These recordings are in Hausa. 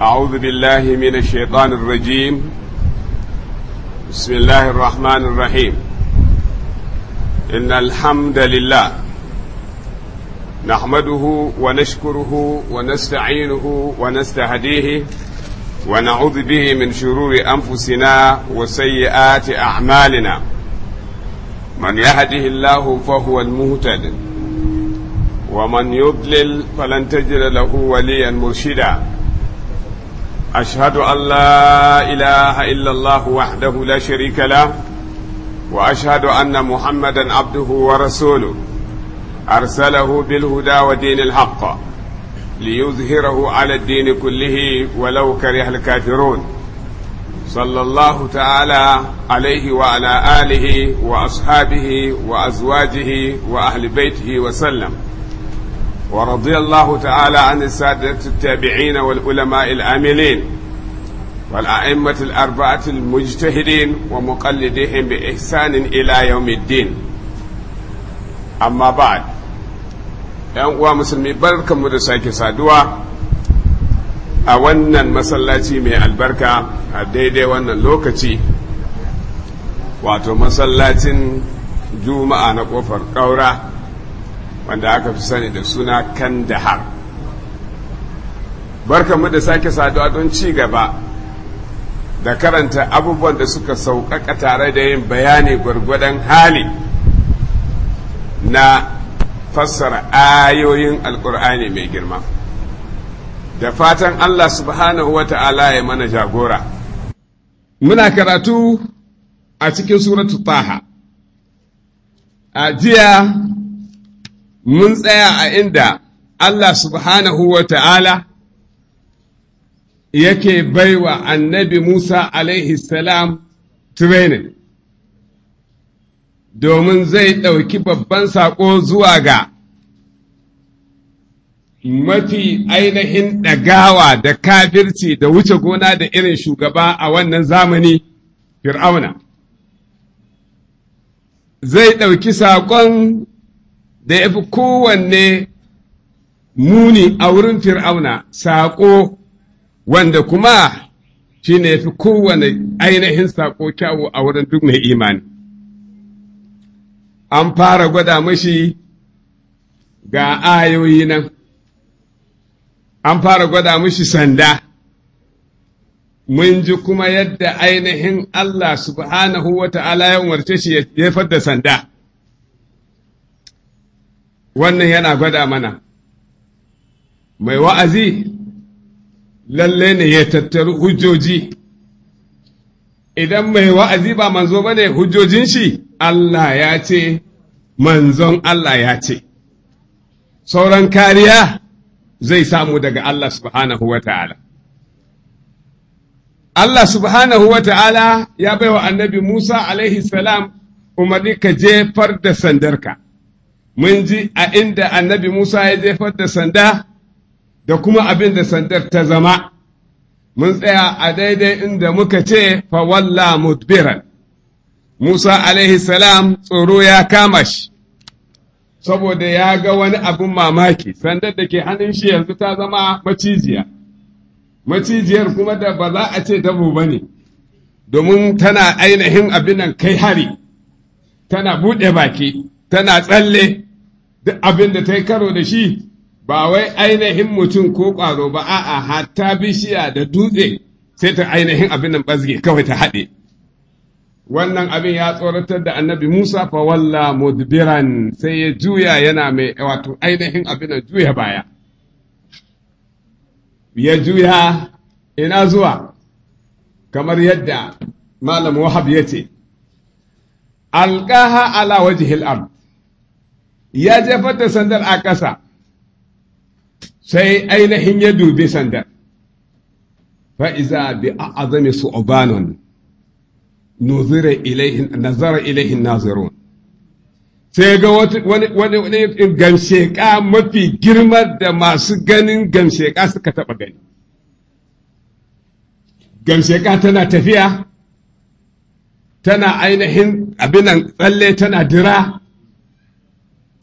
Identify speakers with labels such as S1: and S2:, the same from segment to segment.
S1: أعوذ بالله من الشيطان الرجيم بسم الله الرحمن الرحيم إن الحمد لله نحمده ونشكره ونستعينه ونستهديه ونعوذ به من شرور أنفسنا وسيئات أعمالنا من يهده الله فهو المهتد ومن يضلل فلن تجد له وليا مرشدا أشهد أن لا إله إلا الله وحده لا شريك له وأشهد أن محمدا عبده ورسوله أرسله بالهدى ودين الحق ليظهره على الدين كله ولو كره الكافرون صلى الله تعالى عليه وعلى آله وأصحابه وأزواجه وأهل بيته وسلم ورضي الله تعالى عن السادة التابعين والعلماء العاملين والأئمة الأربعة المجتهدين ومقلديهم بإحسان إلى يوم الدين أما بعد ‘yan uwa musulmi barkanmu da sake saduwa a wannan masallaci mai albarka a daidai wannan lokaci wato masallacin juma'a na ƙofar ƙaura wanda aka fi sani da suna kandahar barkanmu da sake saduwa don ci gaba da karanta abubuwan da suka sauƙaƙa tare da yin bayani gwargwadon hali na fassara ayoyin alƙur'ani mai girma da fatan allah subhanahu wa ta'ala ya mana jagora muna karatu a cikin suratu taha a jiya mun tsaya a inda Allah subhanahu wa ta'ala yake baiwa annabi Musa alaihi salam training domin zai ɗauki babban saƙo zuwa ga mafi ainihin ɗagawa da kafirci da wuce gona da irin shugaba a wannan zamani fir'auna zai ɗauki saƙon da ya fi kowanne muni a wurin fir'auna saƙo wanda kuma shi ne ya fi kowane ainihin saƙo kyawu a wurin duk mai imani an fara gwada mashi ga ayoyi nan an fara gwada mashi sanda mun ji kuma yadda ainihin Allah subhanahu wa ta'ala ya umarce shi ya fadda sanda wannan yana gwada mana mai wa'azi lalle ne ya tattaru hujjoji idan mai wa'azi ba manzo ba ne hujjojin shi Allah ya ce manzon Allah ya ce sauran kariya zai samu daga Allah subhanahu wa ta'ala Allah subhanahu wa ta'ala ya baiwa annabi Musa alaihi salam umarni ka jefar da sandarka. mun ji a inda annabi Musa ya jefar da sanda da kuma abin da sandar ta zama, mun tsaya a daidai inda muka ce fawalla mudbiran. Musa alaihi salam tsoro ya kama shi, saboda ya ga wani abin mamaki, sandar da ke hannun shi yanzu ta zama macijiya, macijiyar kuma da ba za a ce dabo ba ne, domin tana ainihin abin nan kai hari, tana buɗe baki, tana tsalle. duk abin da ta yi karo da shi ba wai ainihin mutum ko ƙwaro ba a'a hatta bishiya da dutse sai ta ainihin abin nan bazge kawai ta haɗe wannan abin ya tsoratar da annabi Musa fa walla mudbiran sai ya juya yana mai wato ainihin abin da juya baya ya juya ina zuwa kamar yadda malam wahab ya ce alƙaha ala wajihil ard ya jefar da sandar a ƙasa sai ainihin ya dubi sandar fa'iza bi a azami su obanon nazara ilaihin nazarun sai ga wani gamsheka mafi girma da masu ganin gamsheka suka taɓa gani gamsheka tana tafiya tana ainihin abinan tsalle tana dira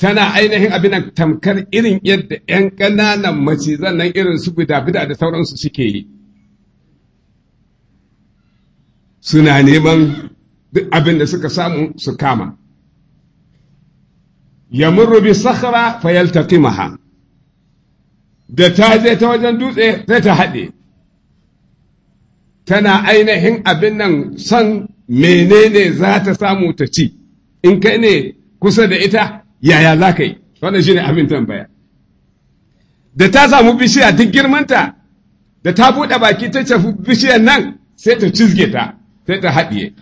S1: tana ainihin abin tamkar irin yadda 'yan ƙananan macizan nan irin su bida-bida da sauransu suke yi suna neman duk abin da suka samu su kama ya bi sakhara maha. da ta je ta wajen dutse sai ta haɗe tana ainihin abin nan son menene za ta samu ta ci in kai ne kusa da ita yaya za ka yi wannan ne abin tambaya da ta samu bishiya duk girmanta da ta buɗe baki ta cafi bishiyar nan sai ta cizge ta sai ta haɗiye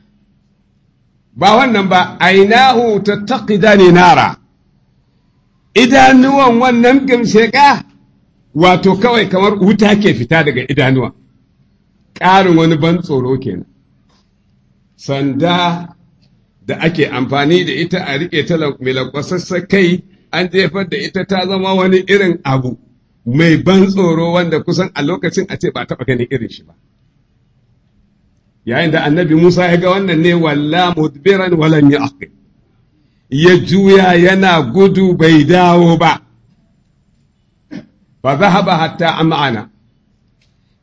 S1: ba wannan ba ainahu ta ne nara idanuwan wannan gamsheƙa wato kawai kamar wuta ke fita daga idanuwa. ƙarin wani ban tsoro kenan sanda da ake amfani da ita a riƙe ta milakwasassa kai an jefar da ita ta zama wani irin abu mai ban tsoro wanda kusan a lokacin a ce ba taɓa ganin irin shi ba. Yayin da annabi Musa ya ga wannan ne walla mudbiran walan ya ya juya yana gudu bai dawo ba. Ba za hatta ma'ana.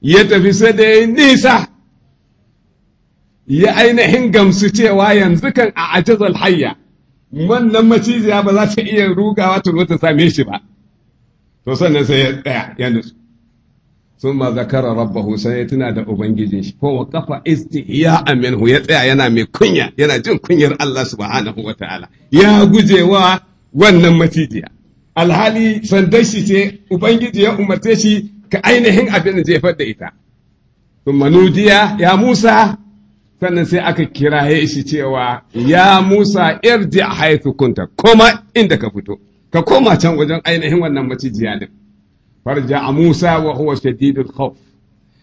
S1: ya tafi sai da nisa ya ainihin gamsu cewa yanzu kan a ajizal hayya wannan maciziya ba za ta iya rugawa ta ta same shi ba to sannan sai ya tsaya ya nutsu sun ma zakara rabbahu sai ya tuna da ubangijin shi ko kafa istihya minhu ya tsaya yana mai kunya yana jin kunyar Allah subhanahu ta'ala. ya gujewa wannan macijiya alhali sandar shi ce ubangiji ya umarce shi ka ainihin abin da jefar da ita sun manujiya ya musa sannan sai aka kiraye shi cewa ya Musa irji a haithu kunta koma inda ka fito ka koma can wajen ainihin wannan macijiya din farja a Musa wa huwa shadidul khawf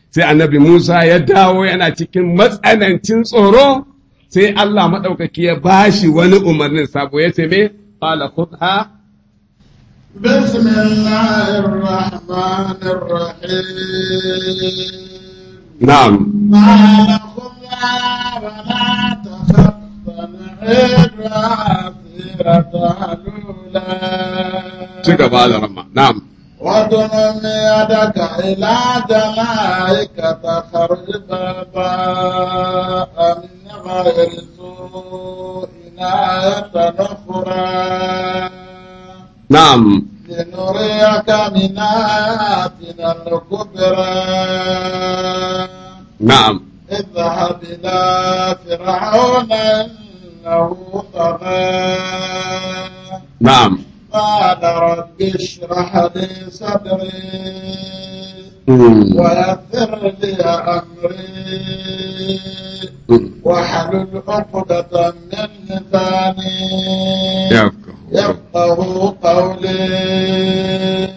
S1: sai annabi Musa ya dawo yana cikin matsanancin tsoro sai Allah maɗaukaki ya bashi wani umarnin sabo ya ce me qala khudha
S2: بسم الله
S1: cigaba da rama na'am
S2: ya daga ila da ma'aika ta harbi amina ba ina ya na'am اذهب إلى فرعون إنه طغى نعم قال رب اشرح لي صدري ويسر لي أمري واحلل عقدة من لساني يفقه قولي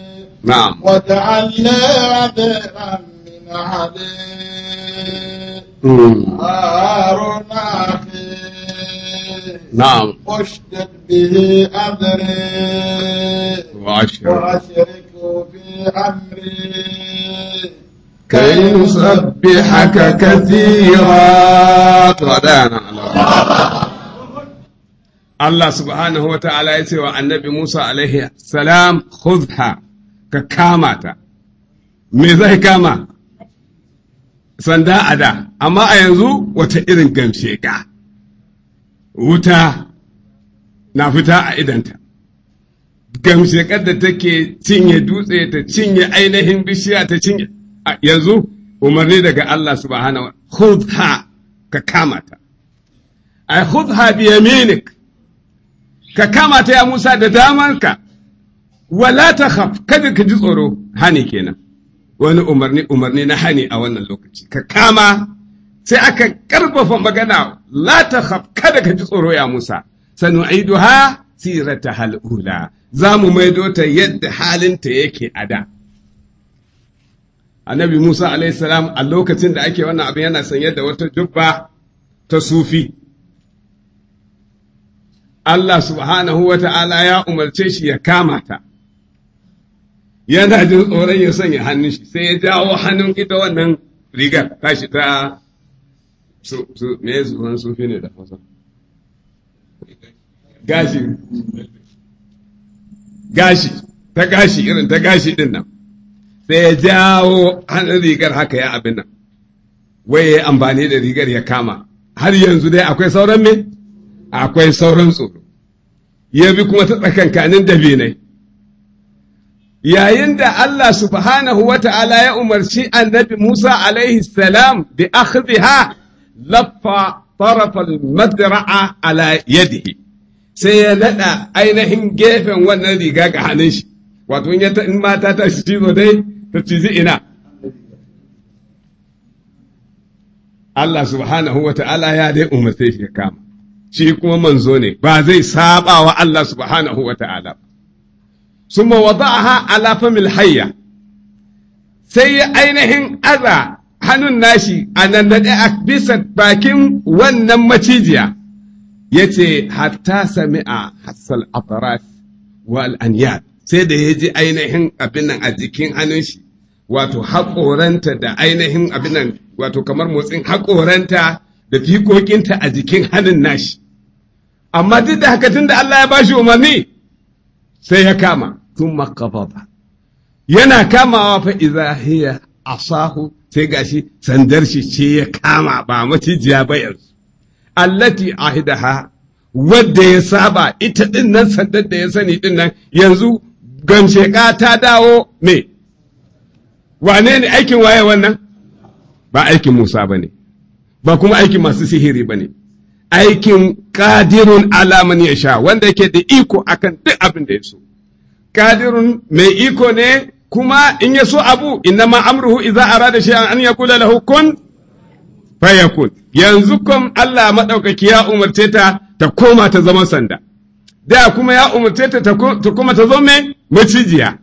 S2: نعم واجعل لي عذرا من علي هارون نعم. أخي نعم أشدد به امري وأشركه في أمري كي نسبحك كثيرا تودانا
S1: الله سبحانه وتعالى عن النبي موسى عليه السلام خذها ككامة ميزه كامة sanda a da amma a yanzu wata irin gamsheka wuta na fita a idanta gamshekar da take cinye dutse ta cinye ainihin bishiya ta cinye yanzu umarni daga Allah subhanahu wa ha, ka kama ta ai ha bi yaminik ka kama ta ya Musa da damanka wala ta khaf kada ka ji tsoro hani kenan wani umarni umarni na hani a wannan lokaci ka kama sai aka karfafa magana la ta khaf kada ka ji tsoro ya Musa sanu'iduha sirata hal'ula za mu maido ta yadda halinta yake a da annabi Musa alaihissalam a lokacin da ake wannan abin yana sanye da wata jubba ta sufi Allah subhanahu wa ta'ala ya umarce shi ya kama ta yana jin tsoron ya sanya hannun shi sai ya jawo hannun ita wannan rigar tashi ta su me su san sufi ne da hausa gashi gashi ta gashi irin ta gashi din nan sai ya jawo hannun rigar haka ya abin nan wai ya amfani da rigar ya kama har yanzu dai akwai sauran me akwai sauran tsoro ya bi kuma ta tsakankanin dabinai yayin da Allah subhanahu wa ta'ala ya umarci annabi Musa alaihi salam bi akhdhiha laffa tarafal madra'a ala yadihi sai ya naɗa ainihin gefen wannan riga ga hannun shi wato in mata ta shi cizo dai ta cizi ina Allah subhanahu wa ta'ala ya dai umarce shi kama shi kuma manzo ne ba zai saba wa Allah subhanahu wa ta'ala ba summa wada'aha ala famil hayya sai ya ainihin aza hannun nashi a nan daɗe a bisa bakin wannan macijiya ya ce hatta sami'a hassal atarat wa al'aniyar sai da ya ji ainihin abin a jikin hannun shi wato haƙoranta da ainihin abin nan wato kamar motsin haƙoranta da fikokinta a jikin hannun nashi amma duk da haka da Allah ya ba shi umarni sai ya kama tun makafafa yana kamawa fa iza hiya asahu sai gashi sandar shi ce ya kama ba macijiya ba yanzu allati ahidaha wadda ya saba ita din nan sandar da ya sani din nan yanzu gamsheka ta dawo me wane ne aikin waye wannan ba aikin musa ba ne ba kuma aikin masu sihiri ba ne aikin kadirun alamani ya sha wanda yake da iko akan duk abin da ya so kadirun mai iko ne kuma in ya so abu ma amruhu idza arada shay'an an yaqula lahu kun fayakun yanzu kom Allah madaukaki ya umarce ta ta koma ta zama sanda da kuma ya umarce ta ta kuma ta zama macijiya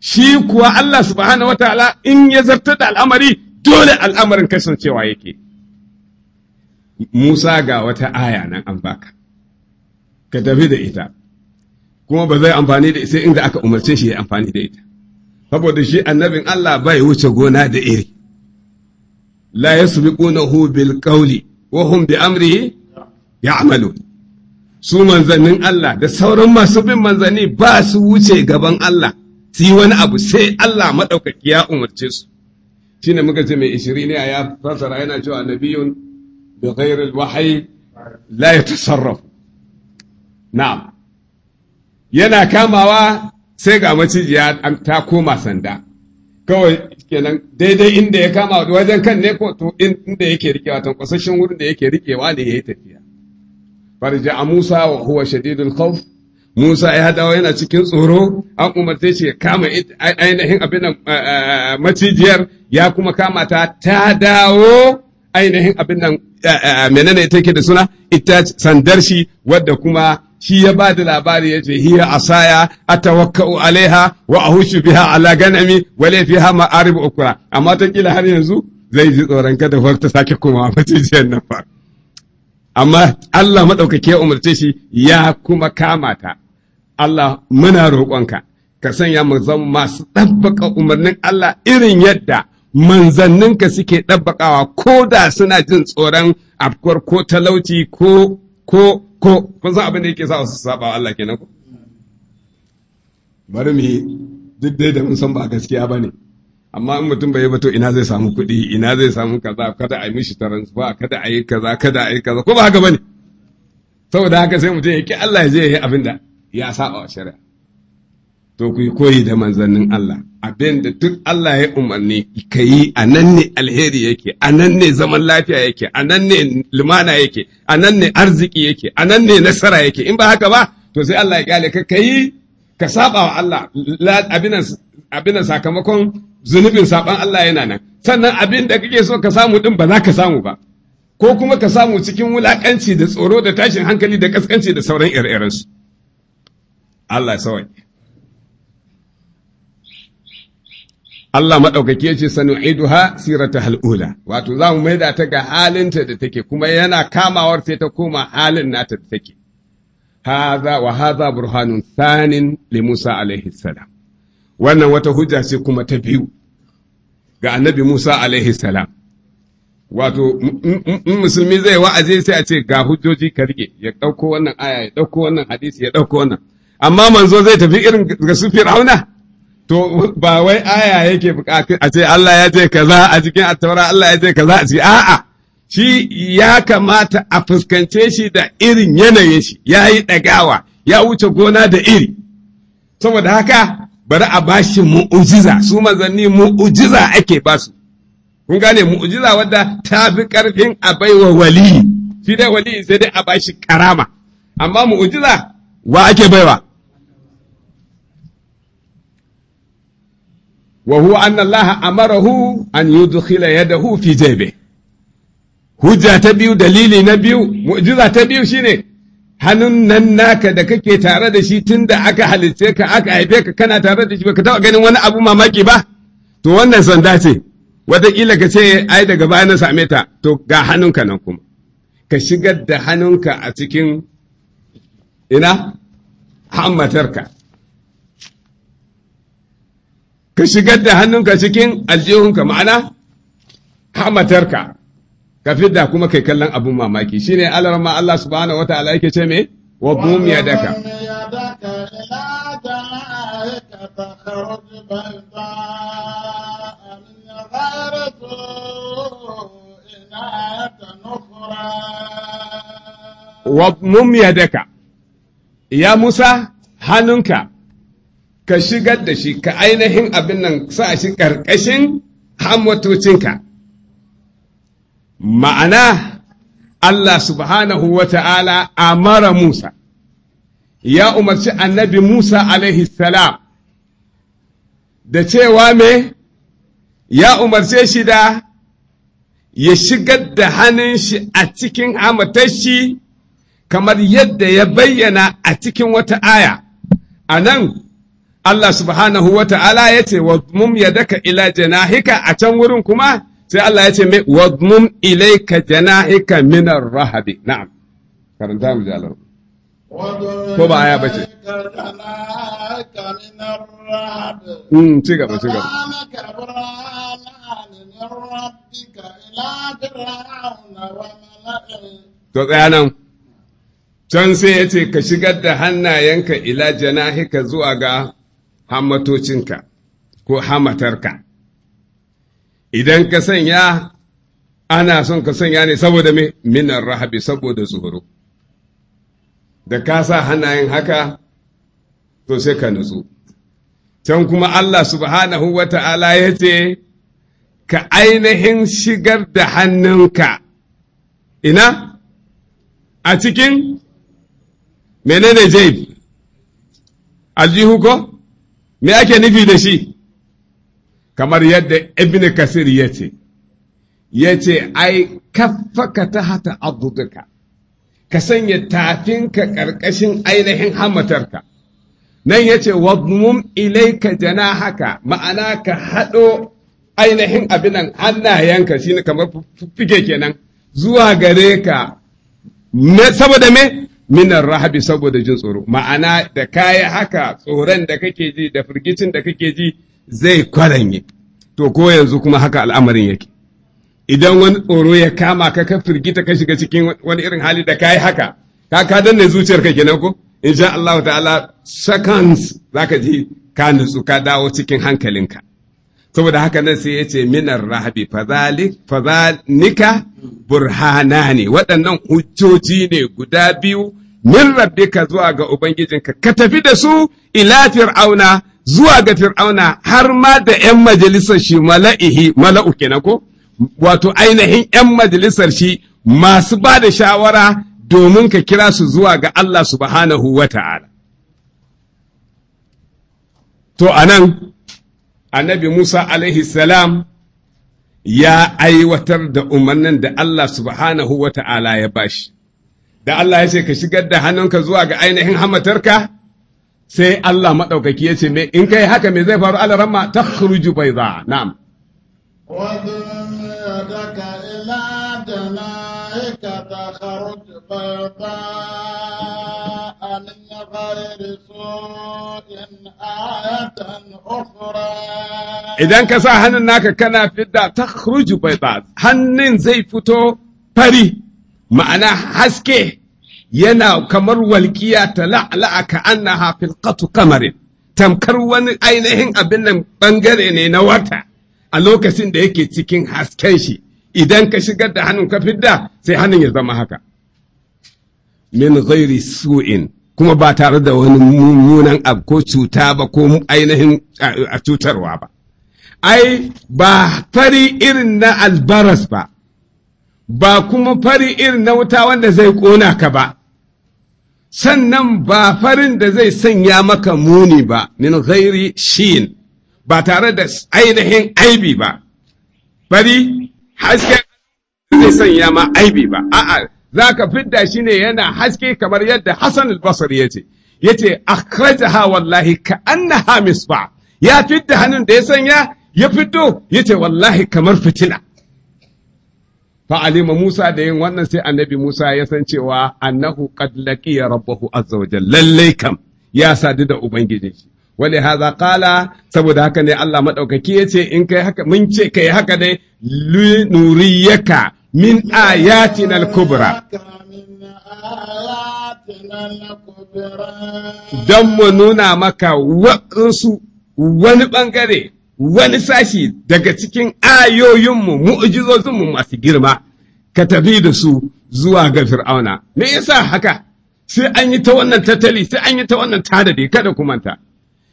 S1: shi kuwa Allah subhanahu wataala in ya zartar da al'amari dole al'amarin kasancewa yake Musa ga wata aya nan an baka, ka tafi da ita, kuma ba zai amfani da ita, sai inda aka umarce shi ya amfani da ita, saboda shi annabin Allah bai wuce gona da iri, la ya su bil ƙauli, wahun bi amri ya amalu. Su manzannin Allah da sauran masu bin manzanni ba su wuce gaban Allah, su yi wani abu sai Allah maɗaukaki ya umarce su. Shi ne muka ce mai ishiri ne a ya fasara yana cewa nabiyun بغير الوحي لا يتصرف na'am yana kamawa sai ga macijiya ta koma sanda kawai kenan daidai inda ya kama wajen kan ne ko to inda yake rikewa tankwasashen wurin da yake rikewa ne ya yi tafiya farja a musa wa huwa shadidul khawf musa ya dawo yana cikin tsoro an umarce shi ya kama ainihin abin macijiyar ya kuma kama ta ta dawo ainihin abin nan menene take da suna ita sandar shi wadda kuma shi ya ba da labari ya ce hiya asaya atawakka'u alaiha wa ahushu biha ala ganami wa la ma'arib ukra amma ta kila har yanzu zai ji tsoron kada fa ta sake komawa macijiyar na fa amma Allah madaukake umarce shi ya kuma kamata. ta Allah muna roƙonka ka sanya mu zama masu ɗabbaka umarnin Allah irin yadda manzanninka suke ɗabbaƙawa ko da suna jin tsoron afkuwar ko talauci ko ko ko kun san abin da yake sa su saba Allah kenan ko bari mu duk dai da mun san ba gaskiya ne amma in mutum bai yi bato ina zai samu kuɗi ina zai samu kaza kada a yi mishi taransifa, kada a yi kaza kada a yi kaza ko ba haka ne? saboda haka sai mutum ya ki Allah ya je ya yi abin da ya saba wa shari'a to ku yi koyi da manzannin Allah, abin da duk Allah ya umarni ka yi a nan ne alheri yake, a nan ne zaman lafiya yake, a nan ne lumana yake, a nan ne arziki yake, a nan ne nasara yake, in ba haka ba, to sai Allah ya kyale ka ka yi ka saba wa Allah abinan sakamakon zunubin saban Allah yana nan, sannan abin da kake so ka samu din ba za ka samu ba. Ko kuma ka samu cikin wulakanci da tsoro da tashin hankali da kaskanci da sauran ire-irensu. Allah sawai. Allah maɗaukaki ya ce ha sirata hal'ula, wato za mu maida ta ga halinta da take kuma yana kamawar sai ta koma halin nata da take. Haza wa haza burhanun sanin li Musa alaihi salam. Wannan wata hujja ce kuma ta biyu ga annabi Musa alaihi salam. Wato, in musulmi zai wa'aje sai a ce ga hujjoji ka rike, ya ɗauko wannan aya, ya ɗauko wannan hadisi, ya ɗauko wannan. Amma manzo zai tafi irin ga su Fir'auna? to ba wai aya yake bukatu a ce Allah ya ce kaza a cikin attaura Allah ya ce kaza a cikin a'a shi ya kamata a fuskance shi da irin yanayin shi ya yi ɗagawa ya wuce gona da iri saboda haka bari a bashi mu'ujiza su manzanni mu'ujiza ake basu kun gane mu'ujiza wadda ta fi ƙarfin a baiwa waliyi shi dai waliyi sai dai a bashi karama amma mu'ujiza wa ake baiwa wa huwa a Allah amarahu an yudkhila yadahu fi jaybi hujja ta biyu dalili na biyu mu'jiza ta biyu shine hannun nan naka da kake tare da shi tun da aka halice ka aka haife ka kana tare da shi baka taɓa ganin wani abu mamaki ba to wannan sanda ce wataƙila ka ce ai daga baya na same ta to ga hannunka nan kuma ka shigar da hannunka a cikin ina hammatarka ka shigar da hannunka cikin aljihunka ma'ana hamatarka ka fidda kuma kai kallon abin mamaki shine alarma Allah subhanahu wataala yake ce me wa bum daka. wa mum daka ya Musa hannunka ka shigar da shi ka ainihin abin nan sa shi ƙarƙashin hamwatocinka ma'ana Allah subhanahu wa ta'ala amara Musa ya umarci annabi Musa alaihi salam da cewa me ya umarce shi da ya shigar da hannun shi a cikin hamatashi kamar yadda ya bayyana a cikin wata aya a nan Allah subhanahu wa ta'ala ya ce, Wadmum ya daka ila janahika a can wurin kuma, sai Allah ya ce, Wadmum ilaika janahika minar rahabi. Na'am, karanta mu jalar.
S2: Ko ba aya bace. ce. Hmm, ci gaba, ci gaba.
S1: To tsaya nan. can sai ya ce ka shigar da hannayenka ila janahika zuwa ga hammatocinka ko hamatarka idan ka sanya ana son ka sanya ne saboda me minar rahabi saboda tsoro da ka sa hannayen haka to sai ka nutsu can kuma Allah subhanahu wa ta'ala ya ce ka ainihin shigar da hannunka ina a cikin menene jaib aljihu ko me ake nufi da shi kamar yadda ibn kasir ya ce ya ce ai kaffaka ta hata abubuwa ka sanya tafinka ƙarƙashin ainihin hamatarka nan ya ce wadmum ilaika jana haka ma'ana ka haɗo ainihin abinan hannayenka shi ne kamar fige kenan zuwa gare ka saboda me Minan rahabi saboda jin tsoro ma'ana da kayi haka tsoron da kake ji da firgicin da kake ji zai kwaranye to ko yanzu kuma haka al'amarin yake idan wani tsoro ya kama ka ka firgita ka shiga cikin wani irin hali da kayi haka ka ka danne zuciyar ka kenan ko insha Allah ta'ala seconds zaka ji ka nutsu ka dawo cikin hankalinka saboda haka nan sai yace ce minar rahabi fazanika burhanani waɗannan hujjoji ne guda biyu min rabbika zuwa ga ubangijinka ka tafi da su ila fir'auna zuwa ga fir'auna har ma da 'yan majalisar shi mala'ihi mala'u kenan ko wato ainihin 'yan majalisar shi masu ba da shawara domin ka kira su zuwa ga Allah subhanahu wa ta'ala. To, a annabi Musa alaihi salam ya aiwatar da umarnin da Allah subhanahu wa ta'ala ya bashi. da Allah ya ce ka shigar da hannunka zuwa ga ainihin hamatarka sai Allah maɗaukaki ya ce me in kai haka me zai faru ala ramma ta khuruju bai za na'am Idan ka sa hannun naka kana fidda ta bai za hannun zai fito fari ma'ana haske yana kamar walƙiya ta la'la'a ka hafin katu kamarin tamkar wani ainihin abin nan bangare ne na wata a lokacin da yake cikin hasken shi idan ka shigar da hannun ka fidda sai hannun ya zama haka min ghairi su'in kuma ba tare da wani mummunan abu ko cuta ba ko ainihin a cutarwa ba ai ba fari irin na albaras ba ba kuma fari irin na wuta wanda zai ƙona ka ba, sannan ba farin da zai sanya maka muni ba, min ghairi shin, ba tare da ainihin aibi ba, fari haske zai sanya ma aibi ba, a'a za ka fidda shi ne yana haske kamar yadda Hassan al-Basri ya ce, ya ce, akrajaha wallahi ka annaha misba, ya fidda hannun da ya sanya, ya fito, ya ce wallahi kamar fitila. fa alima Musa da yin wannan sai annabi Musa ya san cewa annahu qad laqiya rabbahu azza wa jalla lallai kam ya sadu da ubangijin shi wali hadha qala saboda haka ne Allah madaukaki yace in kai haka mun ce kai haka dai nuriyaka min ayatina al-kubra dan mu nuna maka waɗansu wani ɓangare wani sashi daga cikin ayoyinmu mu'ujizozinmu masu girma ka tafi da su zuwa ga fir'auna me yasa haka sai an yi ta wannan tattali sai an yi ta wannan da kada ku manta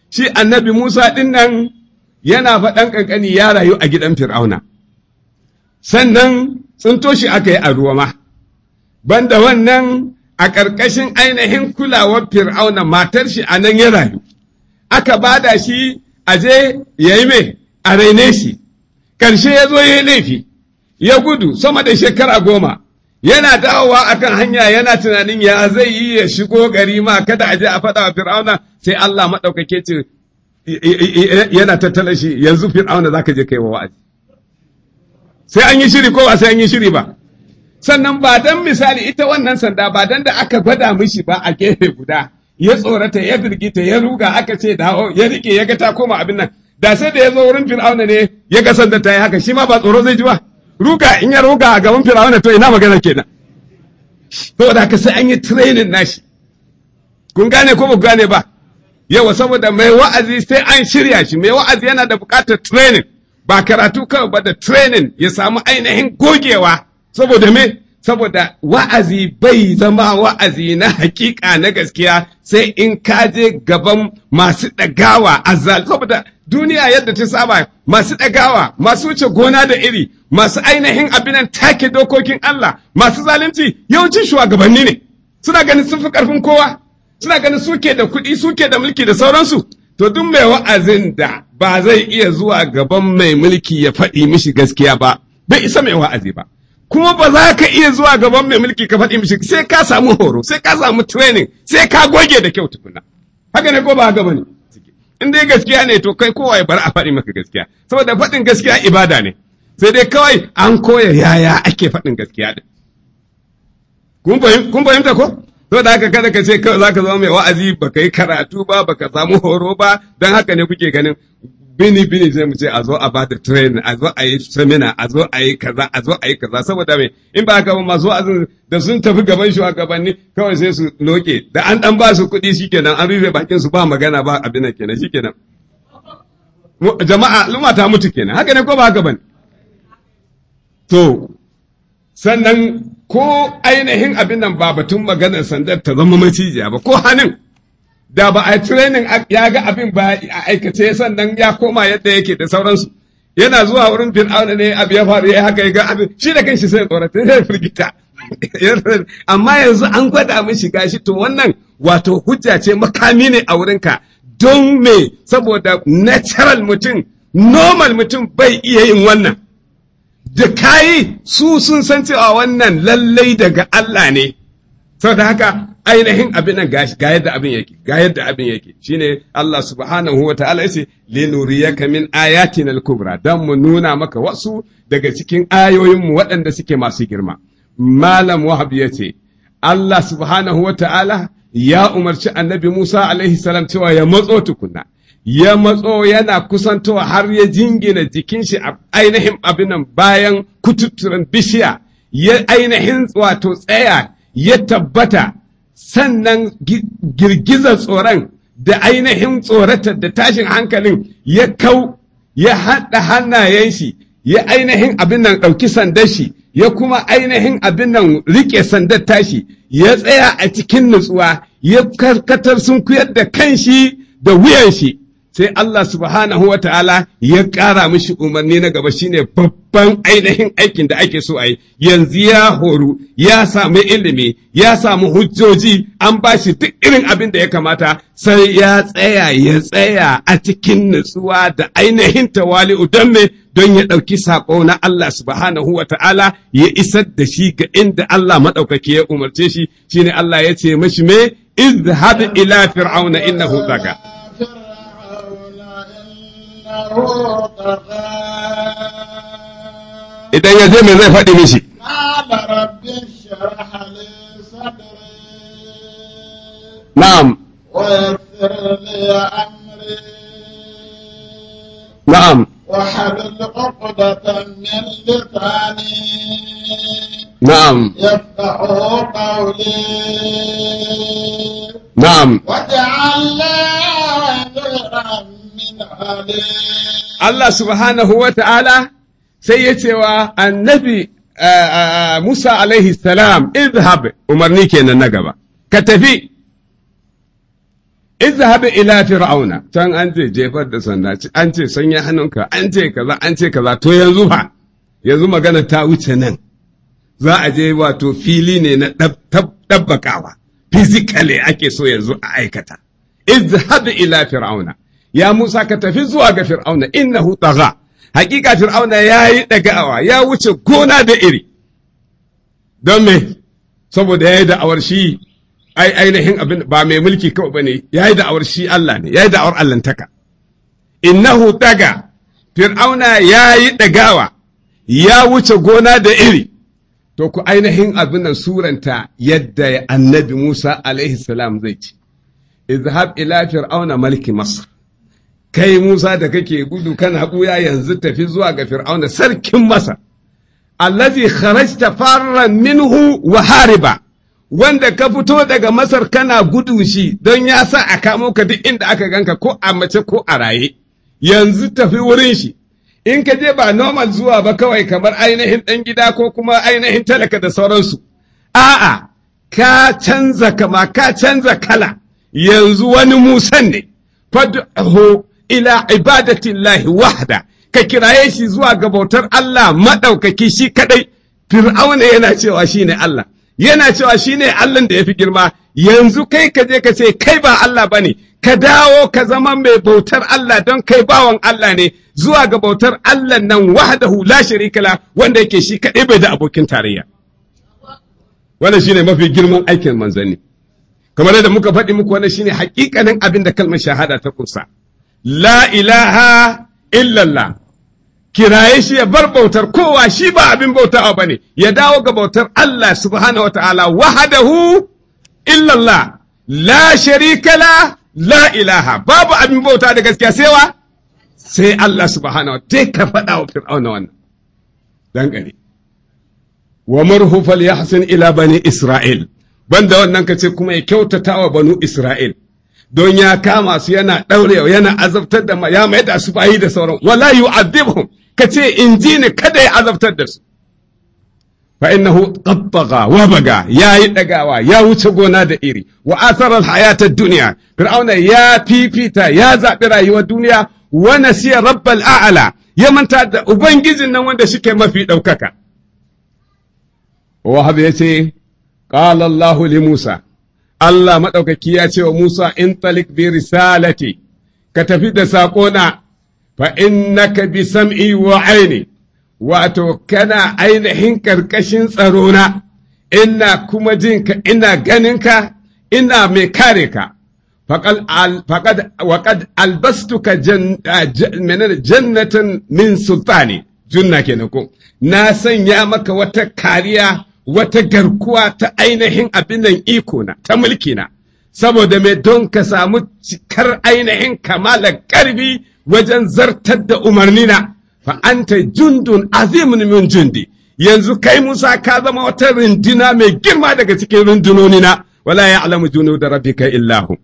S1: shi annabi Musa din nan yana faɗan ƙanƙani ya rayu a gidan fir'auna sannan tsinto shi aka yi a ruwa ma banda wannan a ƙarƙashin ainihin kulawar fir'auna matar shi a nan ya rayu aka bada shi Aje, ya yi mai a raine shi ƙarshe ya zo ya yi laifi ya gudu sama da shekara goma yana dawowa kan hanya yana tunanin ya zai yi ya shigo gari ma kada a je a faɗa wa fir'auna sai Allah maɗaukake ce yana tattala shi yanzu fir'auna za ka je kai wa wa'azi sai an yi shiri ko ba sai an yi shiri ba sannan ba don misali ita wannan sanda ba don da aka gwada mishi ba a gefe guda ya tsorata ya dirgita ya ruga aka ce da ya rike ya ga ta koma abin nan da sai da ya zo wurin fir'auna ne ya ga sanda ta yi haka shi ma ba tsoro zai ji ba ruga in ya ruga a gaban fir'auna to ina magana kenan To da ka sai an yi training nashi kun gane ko ba gane ba yawa saboda mai wa'azi sai an shirya shi mai wa'azi yana da buƙatar training ba karatu kawai ba da training ya samu ainihin gogewa saboda me saboda wa'azi bai zama wa'azi na hakika na gaskiya sai in kaje gaban masu ɗagawa azzal saboda duniya yadda ta saba masu ɗagawa masu wuce gona da iri masu ainihin abinan take dokokin Allah masu zalunci yawancin shugabanni ne suna ganin sun fi ƙarfin kowa suna ganin suke da kuɗi suke da mulki da sauransu to duk mai wa'azin da ba zai iya zuwa gaban mai mulki ya faɗi mishi gaskiya ba bai isa mai wa'azi ba kuma ba za ka iya zuwa gaban mai mulki ka faɗi mishi sai ka samu horo sai ka samu training sai ka goge da kyau tukuna haka ne ko ba haka bane in dai gaskiya ne to kai kowa ya bar a faɗi maka gaskiya saboda faɗin gaskiya ibada ne sai dai kawai an koya yaya ake faɗin gaskiya din kun fahimta ko saboda haka kada ka ce kawai za ka zama mai wa'azi ba ka yi karatu ba ba ka samu horo ba don haka ne kuke ganin bini bini zai mu ce a zo a ba da training a zo a yi seminar a zo a yi kaza a zo a yi kaza saboda me in ba ka ba masu azin da sun tafi gaban shugabanni kawai sai su loke da an dan ba su kuɗi shikenan an rufe bakin su ba magana ba abin nan kenan shikenan jama'a luma ta mutu kenan haka ne ko ba haka bane to sannan ko ainihin abin nan ba batun maganar sandar ta zama macijiya ba ko hannun da ba a training ya ga abin ba a aikace sannan ya koma yadda yake da sauransu yana zuwa wurin fir'auna ne abu ya faru ya haka ya ga abin shi da kanshi sai tsorata ya firgita amma yanzu an gwada mun shiga shi to wannan wato hujja ce makami ne a wurinka don me saboda natural mutum normal mutum bai iya yin wannan da kayi su sun san cewa wannan lallai daga Allah ne Sau da haka ainihin abin nan ga yadda abin yake, ga yadda abin yake, shi ne Allah subhanahu wa ta'ala ya ce, linuriyaka min ayatin al-kubra, don mu nuna maka wasu daga cikin ayoyinmu waɗanda suke masu girma. Malam Wahab ya ce, Allah subhanahu wa ta'ala ya umarci annabi Musa alaihi salam cewa ya matso tukunna. ya matso yana kusantowa har ya jingina jikin shi a ainihin nan bayan kututturan bishiya ya ainihin wato tsaya ya tabbata sannan girgizar tsoron da ainihin tsoratar da tashin hankalin ya kau ya haɗa hannayen shi ya ainihin abin nan ɗauki sandar shi ya kuma ainihin abin nan riƙe sandar tashi ya tsaya a cikin nutsuwa ya karkatar sun kuyar da kanshi da wuyan shi sai Allah subhanahu wa ta'ala ya ƙara mishi umarni na gaba shine babban ainihin aikin da ake so a yi, yanzu ya horu, ya samu ilimi, ya samu hujjoji, an ba shi duk irin abin da ya kamata, sai ya tsaya ya tsaya a cikin nutsuwa da ainihin tawali'u don me don ya ɗauki saƙo na Allah subhanahu wa ta'ala ya isar da shi ga inda Allah maɗaukaki ya umarce shi, shine Allah ya ce mashi me, izhab ila fir'auna innahu zaka. idan ya je me zai faɗi mishi na'am na'am
S2: نعم يفتح قولي نعم واجعل لي
S1: Allah subhanahu wa ta'ala sai ya cewa annabi eh, eh, eh, Musa alaihi salam, izhab umarni kenan na gaba, ka tafi, izhab ila fir'auna, can an ce jefar da sanda, an ce sanya hannunka, an ce kaza, an ce kaza, to yanzu fa, yanzu magana ta wuce nan, za a je wato fili ne na ɗabbakawa, physically ake so yanzu a aikata, izhab ila fir'auna. ya Musa ka tafi zuwa ga Fir'auna innahu tagha hakika Fir'auna yayi daga'awa ya wuce gona da iri don me saboda yayi da'awar shi ai ainihin abin ba mai mulki kawai bane yayi da'awar shi Allah ne yayi da'awar Allahntaka innahu taga Fir'auna yayi dagawa ya wuce gona da iri to ku ainihin abin nan suranta yadda annabi Musa alaihi salam zai ci izhab ila fir'auna maliki masar kai Musa da kake gudu kana buya yanzu tafi zuwa ga Fir'auna sarkin Masar. Allazi kharajta farran minhu wa hariba wanda ka fito daga Masar kana gudu shi don ya sa a kamo ka duk inda aka ganka ko a mace ko a raye yanzu tafi wurin shi in ka je ba normal zuwa ba kawai kamar ainihin ɗan gida ko kuma ainihin talaka da sauransu a'a ka canza kama ka canza kala yanzu wani musan ne fadhu ila lahi wahda ka kiraye shi zuwa ga bautar Allah maɗaukaki shi kaɗai fir'auna yana cewa shi Allah yana cewa shi ne Allah da ya fi girma yanzu kai ka je ka ce kai ba Allah ba ne ka dawo ka zama mai bautar Allah don kai bawan Allah ne zuwa ga bautar Allah nan wahdahu la sharika la wanda yake shi kaɗai bai da abokin tarayya wannan shine mafi girman aikin manzanni kamar da muka faɗi muku wannan shine hakikanin abin da kalmar shahada ta kusa la ilaha illallah kiraye shi ya bar bautar kowa shi ba abin bautawa bane ya dawo ga bautar Allah subhanahu ta'ala wahadahu illallah la sharikala la ilaha babu abin bauta da gaskiya sai wa sai Allah subhanahu wataala ka faɗa wa fir'auna wannan dan gare wa ya falyahsin ila bani isra'il banda wannan ce kuma ya kyautata wa banu isra'il don ya kama su yana ɗaurewa yana azabtar da ya mai da su bayi da sauran wala Ka kace in ji ne, kada ya azabtar da su fa innahu qattaga wa baga yayi dagawa ya wuce gona da iri wa athara ta duniya fir'auna ya fifita ya zaɓi rayuwar duniya wa nasiya rabbal a'la ya manta da ubangijin nan wanda shike mafi ɗaukaka wahab yace qala allah li musa Allah maɗaukaki ya ce wa Musa in talik bi risalati ka tafi da saƙona fa ka bi sam'i wa aini wato kana ainihin ƙarƙashin tsarona ina kuma ka, ina ganinka ina mai kare ka faƙad albastuka jannatan min sultani junna ke na sanya maka wata kariya wata garkuwa ta ainihin abin nan iko na ta mulki na saboda mai don ka samu cikar ainihin kamalar karbi wajen zartar da umarni na fa anta jundun azimun min jundi yanzu kai Musa ka zama wata rindina mai girma daga cikin rundunoni na wala ya'lamu junuda rabbika illahu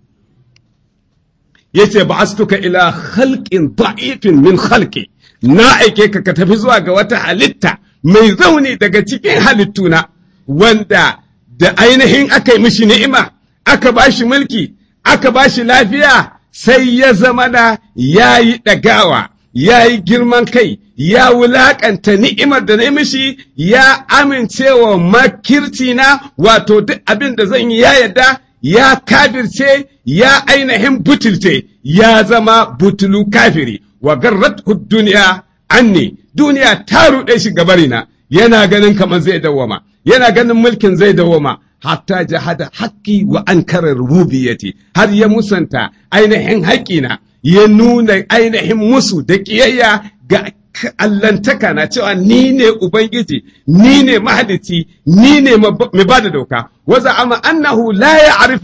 S1: yace ba'astuka ila khalqin da'ifin min khalqi na aike ka ka tafi zuwa ga wata halitta mai zauni daga cikin halittuna wanda da ainihin aka yi mishi ni'ima, aka ba shi mulki, aka ba shi lafiya, sai ya zama da ya yi ɗagawa, ya yi girman kai, ya wulaƙanta ni'imar da na yi mishi, ya amincewa makirci na wato duk abin da zan yi ya yarda, ya kafirce, ya ainihin butulce, ya zama butulu kafiri, wa garrat duniya anni, duniya ta ruɗe shi gabarina. yana ganin kamar zai dawwama yana ganin mulkin zai dawwama hatta jahada haƙƙi wa ankara rububiyyati har ya musanta ainihin haƙƙina ya nuna ainihin musu da ƙiyayya ga allantaka na cewa ni ne ubangiji ni ne mahalici ni ne mai bada doka wa za'ama annahu la ya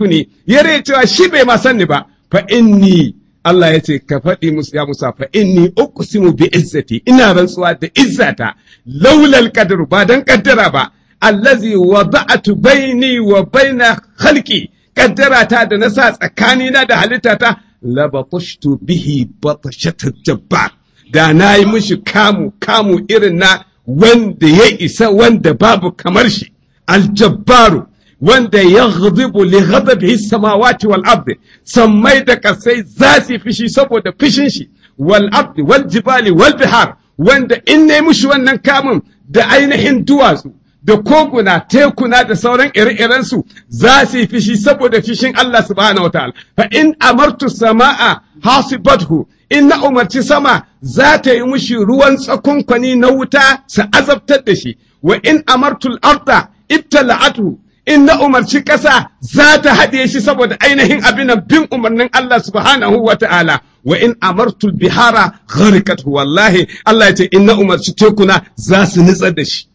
S1: yare ya cewa shi bai ma sanni ba fa inni Allah ya ce ka faɗi musu ya musa fa inni uqsimu bi izzati ina rantsuwa da izzata laulal qadru ba dan kaddara ba allazi wada'tu baini wa baina khalqi kaddara ta da nasa tsakani na da halitta ta labatushtu bihi batashatul jabbar da na yi mishi kamu kamu irin na wanda ya isa wanda babu kamar shi aljabbaru wanda ya ghadibu li ghadabihi samawati wal ardi sammai da kasai za su fishi saboda fishin shi wal ardi wal jibali wal bihar wanda in ne mushi wannan kamun da ainihin duwatsu da koguna tekuna da sauran ire-irensu za su yi fishi saboda fishin Allah subhanahu wa ta'ala fa in amartu sama'a hasibathu in na umarci sama za ta yi mushi ruwan tsakonkwani na wuta su azabtar da shi wa in amartul arda ittala'atu in na umarci ƙasa za ta haɗe shi saboda ainihin abin bin umarnin Allah subhanahu wa ta'ala wa in amartul bihara ghariqat wallahi Allah ya ce in na umarci tekuna za su nitsar da shi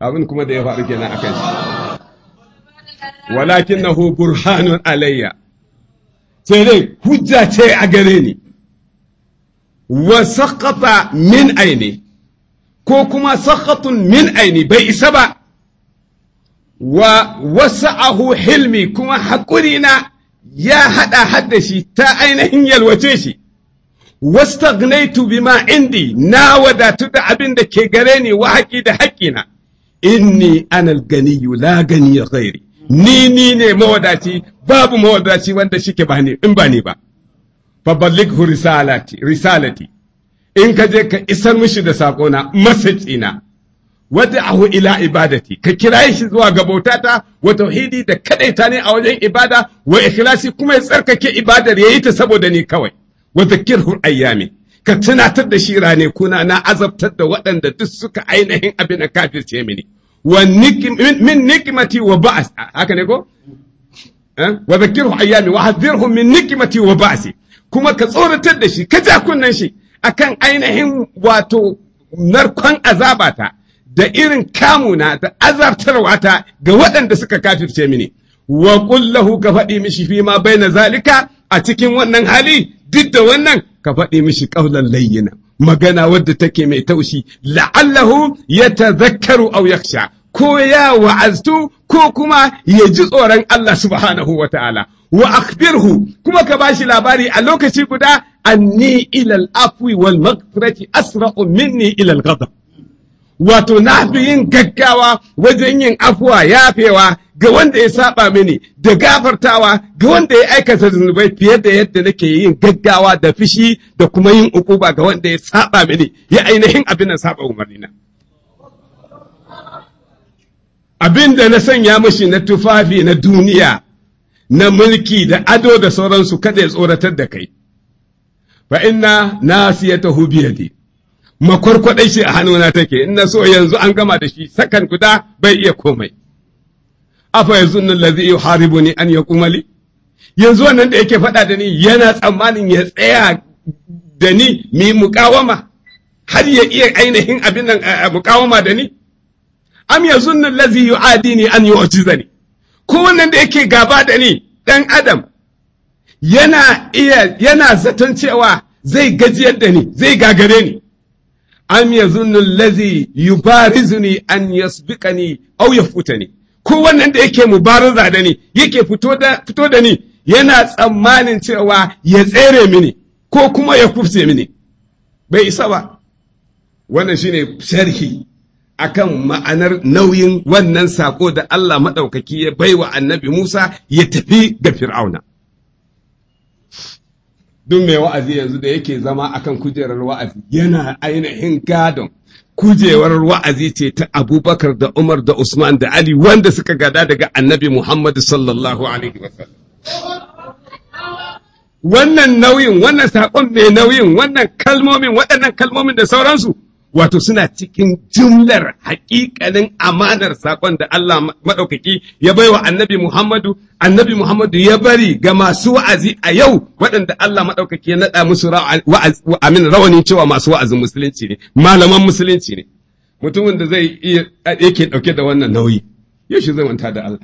S1: abin kuma da ya faru kenan akan shi walakinahu burhanun alayya sai dai hujja ce a gare ni wa saqata min aini ko kuma sakatun min aini bai isa ba wa wasa'ahu hilmi kuma haƙurina ya haɗa hadda shi ta ainihin yalwace shi wastagnaitu bima indi na wadatu da abin da ke gare ni wa haƙi da haƙina inni anal ganiyu la ganiya ghairi ni ni ne mawadaci babu mawadaci wanda shike ba in ba ne ba fa ballighu risalati in ka je ka isar mishi da sakona masajina wad'ahu ila ibadati ka kiraye shi zuwa ga bautata wa tauhidi da kadaita ne a wajen ibada wa ikhlasi kuma ya tsarkake ibadar yayi ta saboda ni kawai wa zakkirhu ayyami ka tunatar da shi rane kuna na azabtar da waɗanda duk suka ainihin abin da kafirce mini wa min nikmati wa ba'as haka ne ko eh? wa zakkirhu ayyami wa hadhirhu min nikmati wa ba'si kuma ka tsoratar da shi ka ja kunnan shi akan ainihin wato narkon azabata da irin kamuna da azabtarwa ta ga waɗanda suka kafirce mini wa ka faɗi mishi fi ma baina zalika a cikin wannan hali duk da wannan ka faɗi mishi ƙaunar layyina magana wadda take mai taushi la'allahu ya tazakkaru aw auyasha, ko ya wa'aztu ko kuma ya ji tsoron Allah subhanahu wa ta'ala wa akhbirhu kuma ka bashi labari a lokaci guda anni ilal afwi wal maghfirati asra'u minni ilal ghadab wato na fi yin gaggawa wajen yin afuwa yafewa ga wanda ya saba mini da gafartawa ga wanda ya aikata zunubai fiye da yadda nake yin gaggawa da fishi da kuma yin ukuba ga wanda ya saba mini ya ainihin abin da saba na. abin da na sanya mashi na tufafi na duniya na mulki da ado da sauransu kada ya tsoratar da kai fa inna nasiyatahu biyadi makwarkwaɗai shi a hannuna take ina so yanzu an gama da shi sakan guda bai iya komai afa yanzu nan lazi iya haribu ni an ya kumali yanzu wannan da yake faɗa da ni yana tsammanin ya tsaya da ni mi mukawama har ya iya ainihin abin nan eh, mukawama da ni am yanzu nan lazi yu'adi ni an zani. ko wannan da yake gaba da ni dan adam yana iya yana zaton cewa zai gajiyar da ni zai gagare ni am yazunnu allazi yubarizuni an yasbiqani aw yafutani ko wannan da yake mubaraza da ni yake fito da ni yana tsammanin cewa ya tsere mini ko kuma ya kufce mini bai isa ba wannan shine sharhi akan ma'anar nauyin wannan sako da Allah maɗaukaki ya baiwa annabi Musa ya tafi ga Fir'auna. duk mai wa'azi yanzu da yake zama akan kujerar wa'azi yana ainihin gadon kujerar wa'azi ce ta abubakar da umar da usman da ali wanda suka gada daga annabi muhammadu sallallahu alaihi wasallam wannan nauyin wannan saƙon mai nauyin wannan kalmomin waɗannan kalmomin da sauransu wato suna cikin jumlar haƙiƙanin amanar saƙon da Allah maɗaukaki ya baiwa annabi Muhammadu, annabi Muhammadu ya bari ga masu wa'azi a yau waɗanda Allah maɗaukaki ya naɗa musu amin rawanin cewa masu wa'azin musulunci ne, malaman musulunci ne. Mutumin da zai iya yake ɗauke da wannan nauyi, yau shi zai manta da Allah,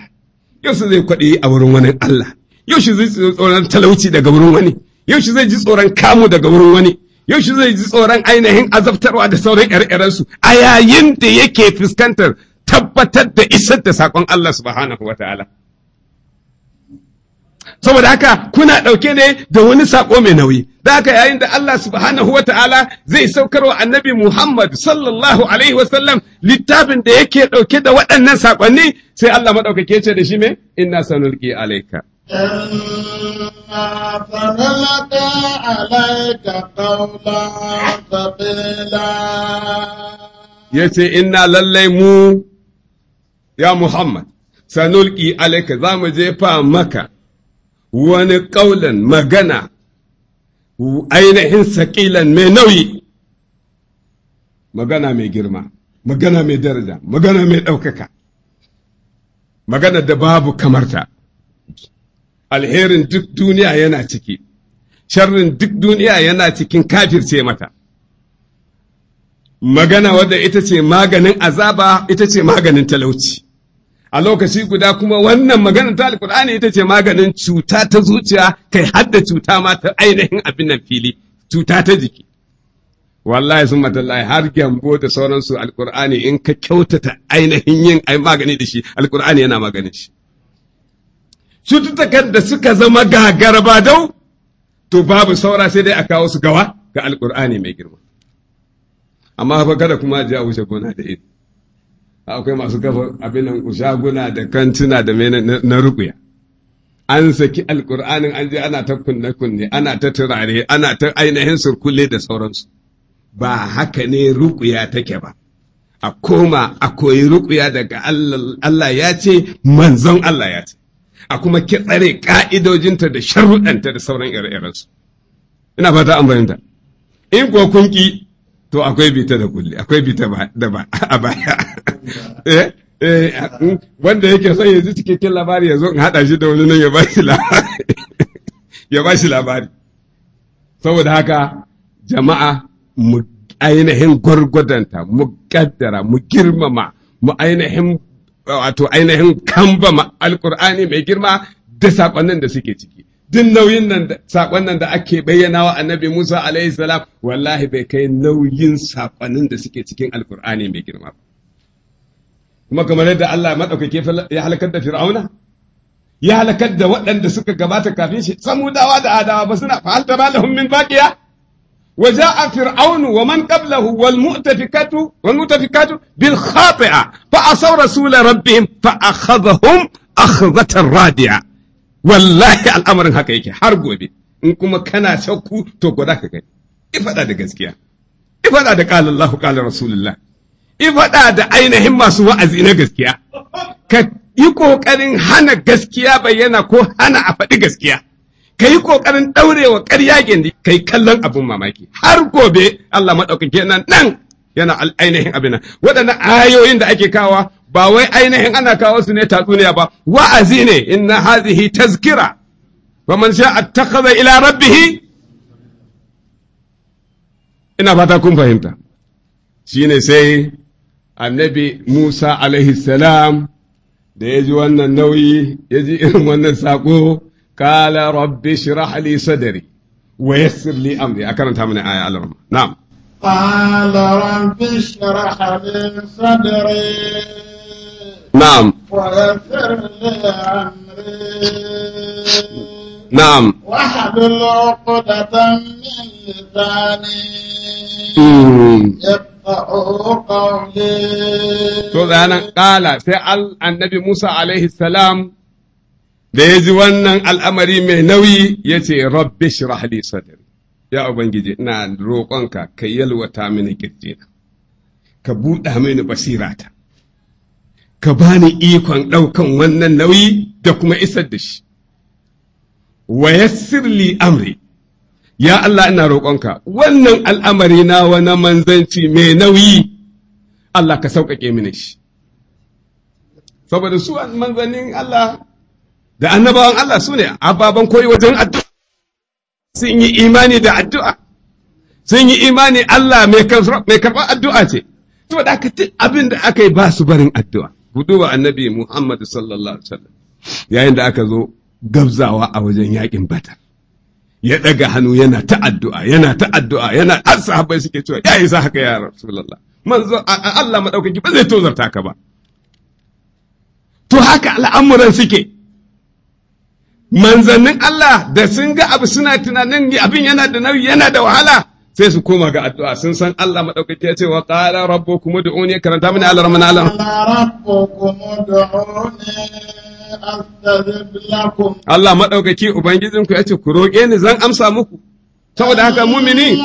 S1: yau shi zai kwaɗi a wurin wani Allah, yau shi zai tsoron talauci daga wurin wani, yau shi zai ji tsoron kamu daga wurin wani, Yaushe zai ji tsoron ainihin azabtarwa da sauran ƙirƙirarsu a yayin da yake fuskantar tabbatar da isar da saƙon Allah subhanahu wa ta'ala. Saboda haka kuna ɗauke ne da wani saƙo mai nauyi, da haka yayin da Allah subhanahu wa ta'ala zai saukar wa annabi Muhammad sallallahu Alaihi wasallam littafin da yake ɗauke da waɗannan saƙonni sai Allah maɗaukake ce da shi mai ina sanulki alaika.
S2: إنا فرلنا عليك قولا ثقيلا
S1: يتي إنا للي sanulki alaika za mu jefa maka wani ƙaulan magana ainihin saƙilan mai nauyi magana mai girma magana mai daraja magana mai ɗaukaka magana da babu kamarta alherin duk duniya yana ciki sharrin duk duniya yana cikin kafirce mata magana wadda ita ce maganin azaba ita ce maganin talauci a lokaci guda kuma wannan maganar ta alkur'ani ita ce maganin cuta ta zuciya kai hadda cuta ma ta ainihin abin nan fili cuta ta jiki wallahi sun matallahi har gyambo da sauransu alkur'ani in ka kyautata ainihin yin magani da shi alkur'ani yana maganin shi cututtukan da suka zama gagara ba dau to babu saura sai dai a kawo su gawa ga alkur'ani mai girma amma fa kada kuma ji a wuce gona da iri akwai masu kafa abin nan shaguna da kantuna da mai na rukuya an saki alkur'anin an je ana ta kunne kunne ana ta turare ana ta ainihin surkule da sauransu ba haka ne rukuya take ba a koma a koyi rukuya daga Allah ya ce manzon Allah ya ce a kuma kitsare ƙa'idojinta da sharuɗanta da sauran ire-irensu. Ina fata an bayanta. In kuwa kun to akwai bita da kulli, akwai bita da ba a baya. Eh, eh, wanda yake son ya ji cikakken labari ya zo in haɗa shi da wani nan ya ba shi labari. Saboda haka jama'a mu ainihin gwargwadanta, mu ƙaddara, mu girmama, mu ainihin wato ainihin kamba alkur'ani mai girma da saƙonnin da suke ciki duk nauyin nan saƙon da ake bayyana wa annabi Musa alaihi salam wallahi bai kai nauyin saƙonnin da suke cikin alkur'ani mai girma kuma kamar yadda Allah maɗaukake ya halakar da fir'auna ya halakar da waɗanda suka gabata kafin shi samudawa da adawa ba suna fa'alta ba lahum min وجاء فرعون ومن قبله والمؤتفكات والمؤتفكات بالخاطئة فعصوا رسول ربهم فأخذهم أخذة رادعة والله الأمر هكا يكي حرق وبي إنكم كان شكو تقودك كي إفتا دا قزكيا إفتا دا قال الله قال رسول الله إفتا دا أين هم سواء زينا قزكيا ka yi ƙoƙarin hana gaskiya bayyana ko hana a faɗi gaskiya. ka yi ƙoƙarin ɗaurewa ƙarya gindi ka yi kallon abin mamaki har gobe Allah maɗaukaki kenan nan yana ainihin abin nan waɗannan ayoyin da ake kawa ba wai ainihin ana kawo su ne tatsuniya ba wa'azi ne inna hazihi tazkira wa man a takhadha ila rabbih ina fata kun fahimta shine sai annabi Musa alaihi salam da ya ji wannan nauyi ya ji irin wannan sako قال رب اشرح لي صدري ويسر لي أمري أكرمتها من آية على رب نعم
S2: قال رب اشرح لي صدري نعم ويسر لي أمري نعم واحلل عقدة من لساني قولي.
S1: قال سأل النبي موسى عليه السلام da ya ji wannan al'amari mai nauyi ya ce, Rabbi shirahli sadari, ya Ubangiji, ina roƙonka ka yalwata mini ƙirjina, ka buɗa mini basirata, ka bani ikon ɗaukan wannan nauyi da kuma isar da shi. Wa sirli amri, ya Allah ina roƙonka, wannan al'amari na wani manzanci mai nauyi, Allah ka sauƙaƙe mini shi. Saboda su manzannin Allah da annabawan Allah su ne ababen koyi wajen addu'a sun yi imani da addu'a sun yi imani Allah mai karɓar addu'a ce to da aka abin da aka yi ba su barin addu'a ku duba annabi Muhammadu sallallahu alaihi wasallam yayin da aka zo gabzawa a wajen yakin batar ya ɗaga hannu yana ta addu'a yana ta addu'a yana har sahabai suke cewa ya isa haka ya rasulullah manzo Allah maɗaukaki ba zai tozarta ka ba to haka al'amuran suke manzannin Allah da sun ga abu suna tunanin abin yana da nauyi yana da wahala sai su koma ga addu'a sun san Allah maɗaukaki ya ce wa qala rabbukum kuma ne karanta mini Allah ramana Allah. Allah maɗaukaki Ubangijinku ya ce ku roƙe ni zan amsa muku. Saboda haka mumini.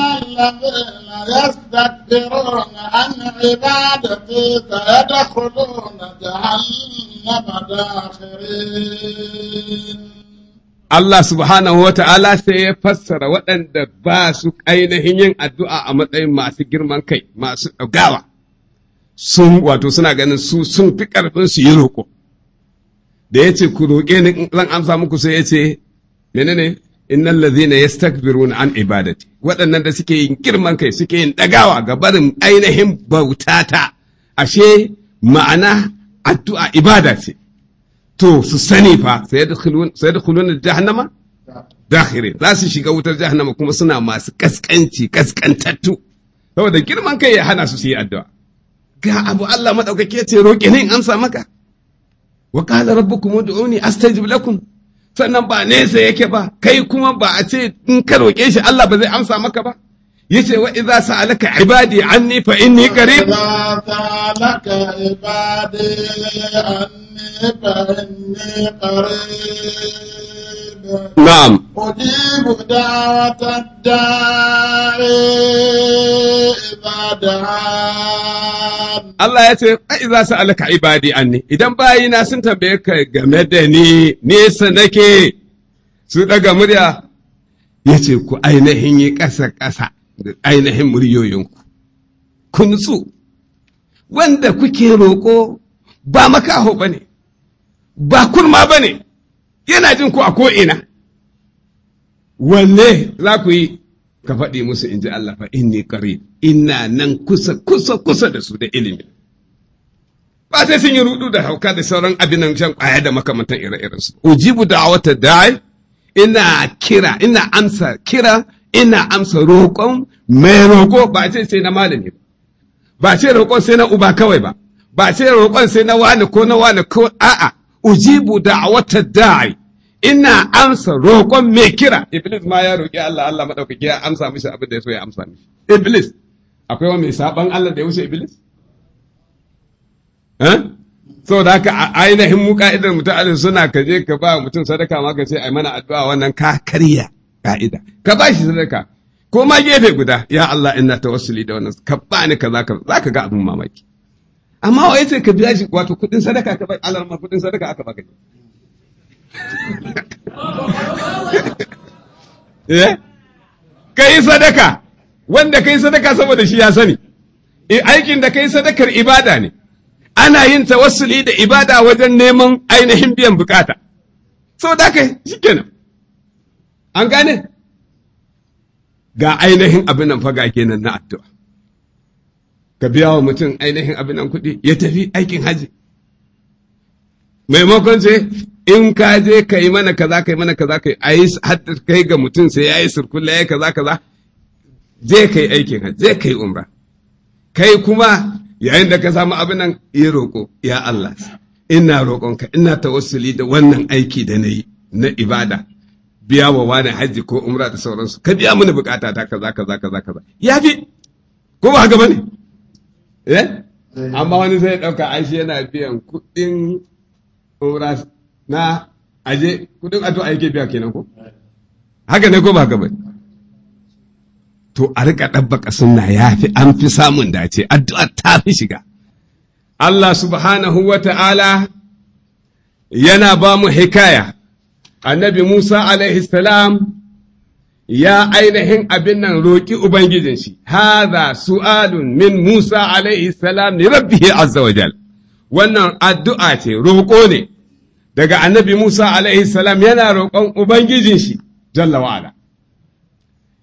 S2: يدخلون جهنم داخرين
S1: Allah subhanahu wa ta'ala sai ya fassara waɗanda ba su ainihin yin addu'a a matsayin masu girman kai, masu ɗagawa, sun wato suna ganin su sun fi ƙarfin su yi roƙo. Da ya ce, ku roƙe ni zan amsa muku sai ya ce, menene ya ladhina na an ibadati waɗannan da suke yin girman kai suke yin ɗagawa ga barin ainihin bautata ashe ma'ana addu'a ibada ce to su sani fa sai da kulun jahannama dakhiri za su shiga wutar jahannama kuma suna masu kaskanci kaskantattu saboda girman kai ya hana su su yi addu'a ga abu Allah madaukake ce roƙe ne in amsa maka wa qala rabbukum ud'uni astajib lakum sannan ba nesa yake ba kai kuma ba a ce in ka roƙe shi Allah ba zai amsa maka ba yace wa idza sa'alaka ibadi anni fa inni qarib
S2: sa'alaka ibadi anni fa inni qarib na'am ujibu da'wata da'i ibada.
S1: Allah yace wa idza sa'alaka ibadi anni idan bayina sun tambaye ka game da ni nesa nake su daga murya yace ku ainihin yi ƙasa ƙasa da ainihin muryoyinku, kun tsu, wanda kuke roƙo ba makaho ba ne, ba kurma ba ne, yana jin ku a ko'ina. Wanne za ku yi ka faɗi musu in ji Allah fa inni ƙari, ina nan kusa kusa kusa da su da ilimi. Ba sai sun yi rudu da hauka da sauran abinan shan ƙwaya da makamantan ire-irensu. Ujibu da wata da'i, ina kira, ina amsa kira ina amsa roƙon mai roƙo ba ce sai na malami ba ba ce roƙon sai na uba kawai ba ba ce roƙon sai na wani ko na wani ko a'a ujibu da a wata da'ai ina amsa roƙon mai kira iblis ma ya roƙi Allah Allah madaukaki ya amsa mishi abin da ya so ya amsa mishi iblis akwai wani mai saban Allah da ya wuce iblis eh? da haka ainihin mu ka'idar mutum suna ka je ka ba mutum sadaka ma ka ce ai mana addu'a wannan ka karya ka'ida ka ba shi sadaka ko ma gefe guda ya Allah ina tawassuli da wannan ka ba ni kaza ka ga abin mamaki amma wai sai ka biya shi wato kudin sadaka ka bai alarma kudin sadaka aka baka eh kai sadaka wanda kai sadaka saboda shi ya sani E, aikin da kai sadakar ibada ne ana yin tawassuli da ibada wajen neman ainihin biyan bukata. Sau da kai shi kenan. An gane? Ga ainihin abin nan faga kenan na addu'a. Ka biya wa mutum ainihin abin nan kuɗi ya tafi aikin haji. Maimakon ce, in ka je ka yi mana kaza ka yi mana kaza ka yi, a yi kai ga mutum sai ya yi sirkulla ya yi kaza kaza, je ka yi aikin haji, je ka yi umra. Kai kuma yayin da ka samu abin nan ya roƙo, ya Allah, ina roƙonka, ina tawassuli da wannan aiki da na yi na ibada. biya wa wani hajji ko umra da sauransu ka biya mini bukata ta kaza kaza kaza kaza ya fi ko ba haka bane eh amma wani zai dauka aishi yana biyan kudin umra na aje kudin ato a yake biya kenan ko haka ne ko ba haka bane to a rika dabbaka sunna ya fi an fi samun dace addu'a ta fi shiga Allah subhanahu wa ta'ala yana ba mu hikaya annabi Musa alaihi salam ya ainihin abin nan roƙi Ubangijin shi, haza su'adun min Musa alaihi salam ne rabbihi azza wa jal. Wannan addu'a ce, roƙo ne, daga annabi Musa alaihi salam yana roƙon Ubangijin shi, jalla wa'ala.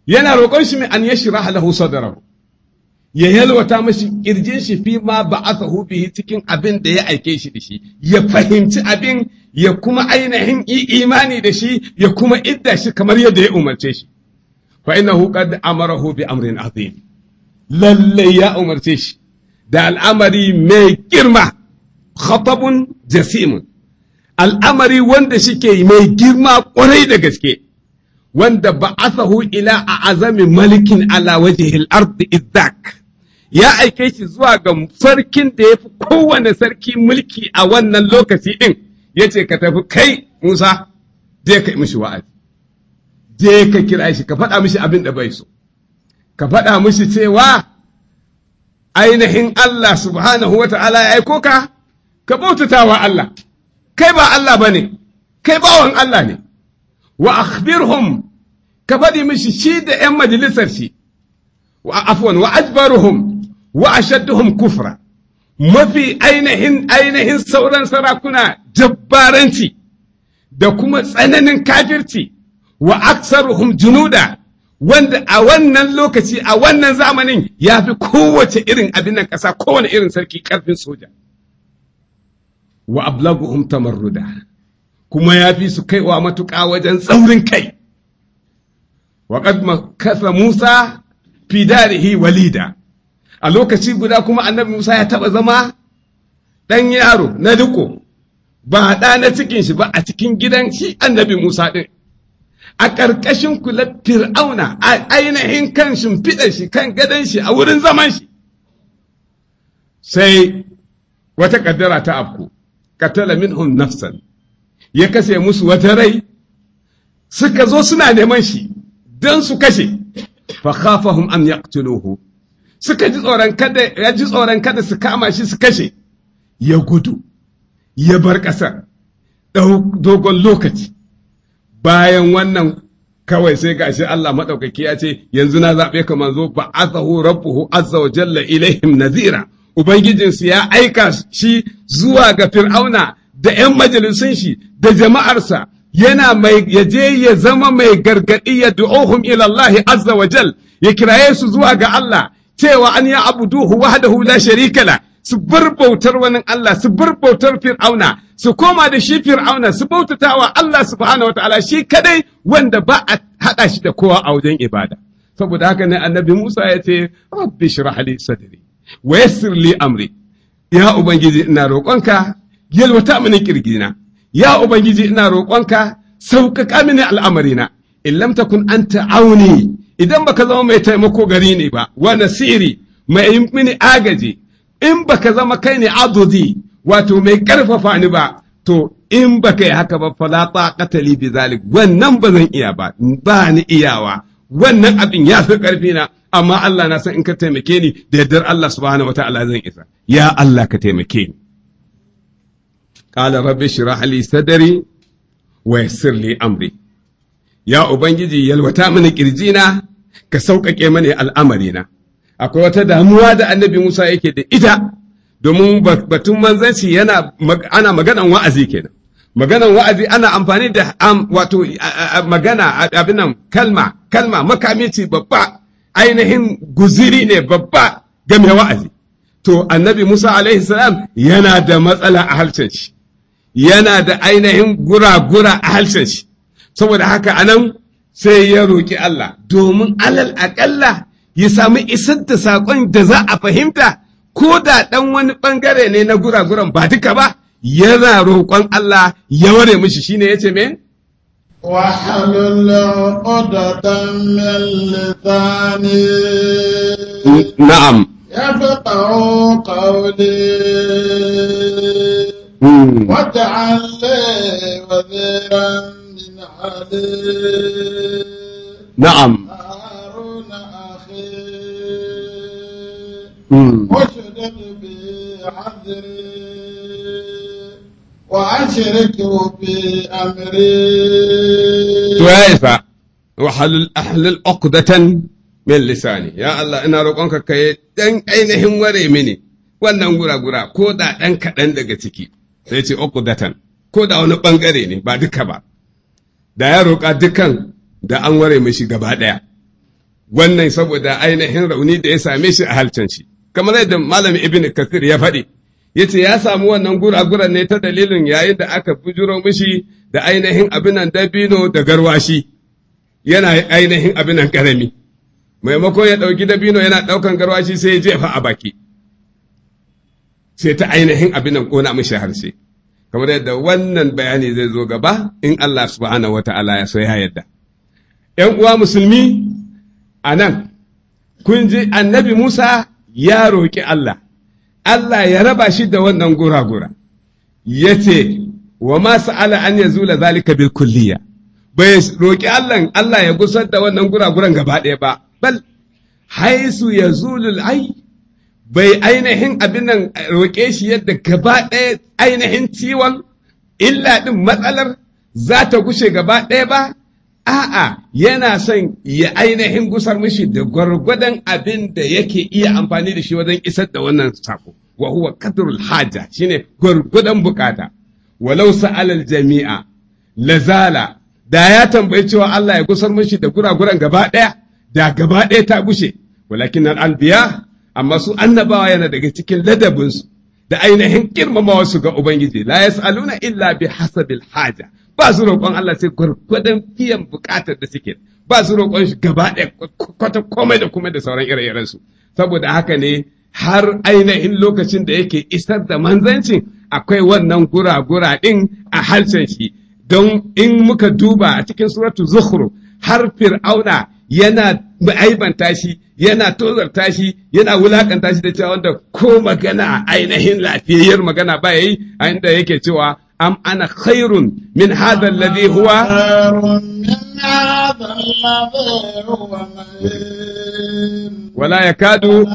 S1: Yana roƙon shi mai an yashi rahalahu sadarahu, ya yalwata mashi ƙirjin shi fi ma ba a bihi cikin abin da ya aike shi da shi, ya fahimci abin ya kuma ainihin imani da shi ya kuma idda shi kamar yadda ya umarce shi fa innahu qad amarahu bi amrin azim lalle ya umarce shi da al'amari mai girma khatabun jasimun al'amari wanda shike mai girma kwarai da gaske wanda ba'athahu ila a azami malikin ala wajhil ardi idzak ya aike shi zuwa ga sarkin da ya fi kowane sarki mulki a wannan lokaci din ya ce ka tafi kai Musa je ka yi mishi wa'azi, je ka kira shi ka faɗa mishi abin da bai so, ka faɗa mishi cewa ainihin Allah subhanahu wa ta'ala ya aiko ka, ka bautata wa Allah, kai ba Allah ba ne, kai bawan Allah ne, wa akhbirhum ka faɗi mishi shi da ‘yan majalisar shi, wa afwan wa ajbaruhum wa ashadduhum kufra. mafi ainihin ainihin sauran sarakuna jabbaranci da kuma tsananin kafirci wa aksaruhum junuda wanda a wannan lokaci a wannan zamanin ya fi kowace irin abin nan ƙasa kowane irin sarki ƙarfin soja wa ablaguhum tamarruda kuma ya fi su wa matuƙa wajen tsaurin kai wa kasa musa fi darihi walida a lokaci guda kuma annabi Musa ya taba zama ɗan yaro na riko ba ɗa na cikin shi ba a cikin gidan shi annabi Musa ɗin. A ƙarƙashin kula fir'auna a ainihin kan shimfiɗa shi kan gadon shi a wurin zaman shi. Sai wata ƙaddara ta afku, katala minhum nafsan, ya kashe musu wata rai, suka zo suna neman shi don su kashe, fa khafahum an yaqtuluhu suka ji tsoron kada ya ji tsoron kada su kama shi su kashe ya gudu ya bar ƙasar dogon lokaci bayan wannan kawai sai gashi Allah maɗaukaki ya ce yanzu na zaɓe ka manzo ba azahu rabbuhu azza wa jalla ilaihim nazira ubangijinsu ya aika shi zuwa ga fir'auna da 'yan majalisun shi da jama'arsa yana mai yaje ya zama mai gargadi ya du'uhum ila Allah azza wa jalla ya kiraye su zuwa ga Allah cewa an ya abuduhu wahdahu la sharika la su bar bautar wani Allah su bar bautar fir'auna su koma da shi fir'auna su wa Allah subhanahu wataala shi kadai wanda ba a haɗa shi da kowa a wajen ibada saboda haka ne annabi Musa ya ce rabbi shrah li sadri wa yassir li amri ya ubangiji ina roƙonka yalwata mini kirgina ya ubangiji ina roƙonka sauƙaƙa mini al'amarina in lam takun anta auni idan baka zama mai taimako gari ne ba wa nasiri mai mini agaji in baka zama kai ne adudi wato mai karfafa ni ba to in baka yi haka ba fala taqata li wannan ba zan iya ba ba ni iyawa wannan abin ya fi karfi na amma Allah na san in ka taimake ni da yardar Allah subhanahu wataala zan isa ya Allah ka taimake ni qala rabbi shrah li sadri wa yassir li amri ya ubangiji yalwata mini kirjina ka sauƙaƙe mani al'amarina akwai wata damuwa da annabi Musa yake da ita domin batun manzanci yana ana maganan wa'azi kenan maganan wa'azi ana amfani da wato magana abinan kalma kalma makamici babba ainihin guziri ne babba game wa'azi to annabi Musa alaihi salam yana da matsala a halcin shi yana da ainihin gura-gura a halcin shi saboda haka anan sai ya roƙi Allah domin alal aƙalla ya sami isar da saƙon da za a fahimta ko da ɗan wani ɓangare ne na guraguran ba duka ba yana roƙon Allah ya ware mishi shine ya ce men?
S2: وحلل عقدة من لساني
S1: نعم هارون أخي
S2: واشدد بحذري وأشركه في أمري ويفا
S1: وحلل أحلل عقدة min lisani ya Allah ina roƙonka ka yi ɗan ainihin ware mini wannan guragura ko da ɗan daga ciki sai ce uku datan ko da wani ɓangare ne ba duka ba da ya roƙa dukan da an ware mashi gaba ɗaya wannan saboda ainihin rauni da ya same shi a halcan shi kamar yadda malam ibn kasir ya faɗi ya ce ya samu wannan guraguran ne ta dalilin yayin da aka bujuro mishi da ainihin abinan dabino da garwashi yana ainihin abinan ƙarami maimakon ya ɗauki dabino yana ɗaukan garwashi sai ya jefa a baki sai ta ainihin abinan ƙona mishi harshe kamar yadda wannan bayani zai zo gaba in Allah subhanahu wata'ala ya so ya yadda ‘yan uwa musulmi a nan kun ji annabi Musa ya roƙi Allah Allah ya raba shi da wannan gura-gura ya ce wa ma sa'ala an ya zula zalika bil kulliya bai roƙi Allah Allah ya gusar da wannan gura-guran gaba ɗaya ba bal haisu ya zulul ai bai ainihin abin nan eh, roƙe shi yadda gaba ɗaya ainihin ciwon illa ɗin matsalar za ta gushe gaba ɗaya ba a'a yana son ya ainihin gusar mishi da gwargwadon abin da yake iya amfani da shi wajen isar da wannan sako wa huwa kadrul haja shine gwargwadon bukata walau sa'alal jami'a lazala da ya tambayi cewa Allah ya gusar mishi da guraguren gaba ɗaya da gaba ɗaya ta gushe walakin al-anbiya amma su annabawa yana daga cikin ladabinsu da ainihin girmamawa su ga Ubangiji la yas'aluna illa bi hasabil haja ba su roƙon Allah sai gwargwadon fiye buƙatar da suke ba su roƙon shi gaba kwata komai da kuma da sauran ire irensu saboda haka ne har ainihin lokacin da yake isar da manzancin akwai wannan gura-gura ɗin a harshen shi don in muka duba a cikin suratu zuhru har fir'auna yana aibanta shi yana tozarta shi yana wulakanta shi da cewa wanda ko magana ainihin lafiyayyar magana ba yayi a inda yake cewa am ana khairun min hadha alladhi huwa wala yakadu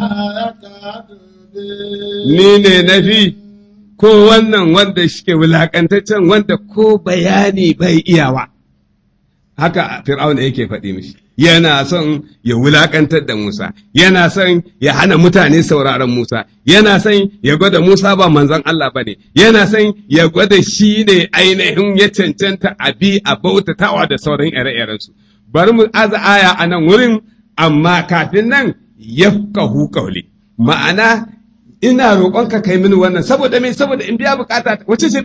S1: ni ne nafi ko wannan wanda shike wulakantaccen wanda ko bayani bai iyawa haka fir'auna yake faɗi mishi yana son ya wulakantar da Musa, yana son ya hana mutane sauraron Musa, yana son ya gwada Musa ba manzon Allah ba ne, yana son ya gwada shi ne ainihin ya cancanta a bi a bautatawa da sauran ire-irensu. Bari mu aza aya a nan wurin, amma kafin nan kahu kauli. Ma'ana ina ka kai mini wannan saboda me saboda in biya bukata wace ce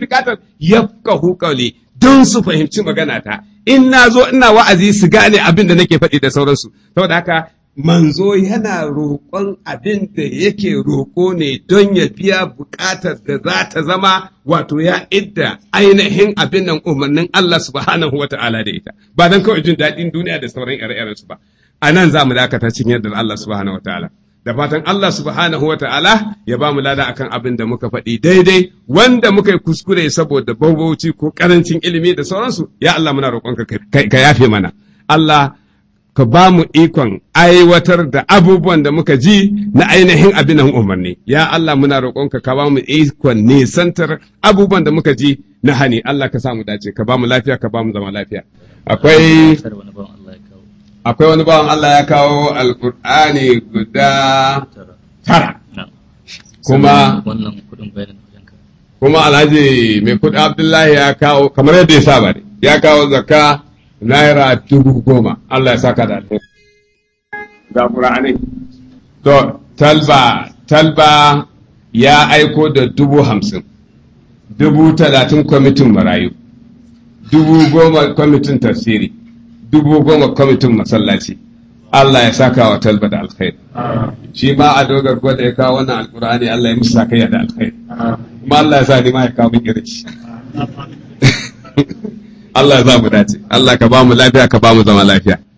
S1: Ya fuka qawli don su fahimci magana ta in na zo ina wa'azi su gane abin da nake faɗi da sauransu saboda haka manzo yana roƙon abin da yake roƙo ne don ya biya buƙatar da za ta zama wato ya idda ainihin abin nan umarnin Allah subhanahu wa ta'ala da ita ba don kawai jin daɗin duniya da sauran ire-irensu ba a nan za mu dakata cikin yadda Allah subhanahu wa ta'ala da fatan Allah subhanahu wa ta'ala ya ba mu lada akan abin da muka faɗi daidai wanda muka yi kuskure saboda bambauci ko ƙarancin ilimi da sauransu ya Allah muna roƙonka ka yafe mana Allah ka ba mu ikon aiwatar da abubuwan da muka ji na ainihin abin nan umarni ya Allah muna roƙonka ka ba mu ikon nisantar abubuwan da muka ji na hani Allah ka sa mu dace ka ba mu lafiya ka ba mu zama lafiya akwai akwai wani bawan Allah ya kawo alkur'ani guda tara kuma kuma alhaji mai kudi abdullahi ya kawo kamar yadda ya saba ne ya kawo zakka naira dubu goma Allah ya saka da alheri ga qur'ani to talba talba ya aiko da dubu hamsin dubu talatin kwamitin marayu dubu goma kwamitin tafsiri dubu goma kwamitin masallaci Allah ya saka wa talba da alkhair shi ma a dogar gwada ya kawo wannan alkur'ani Allah ya musu sakayya da alkhair kuma Allah ya sa ni ma ya kawo min irci
S2: Allah ya za mu dace Allah ka ba mu lafiya ka ba mu zama lafiya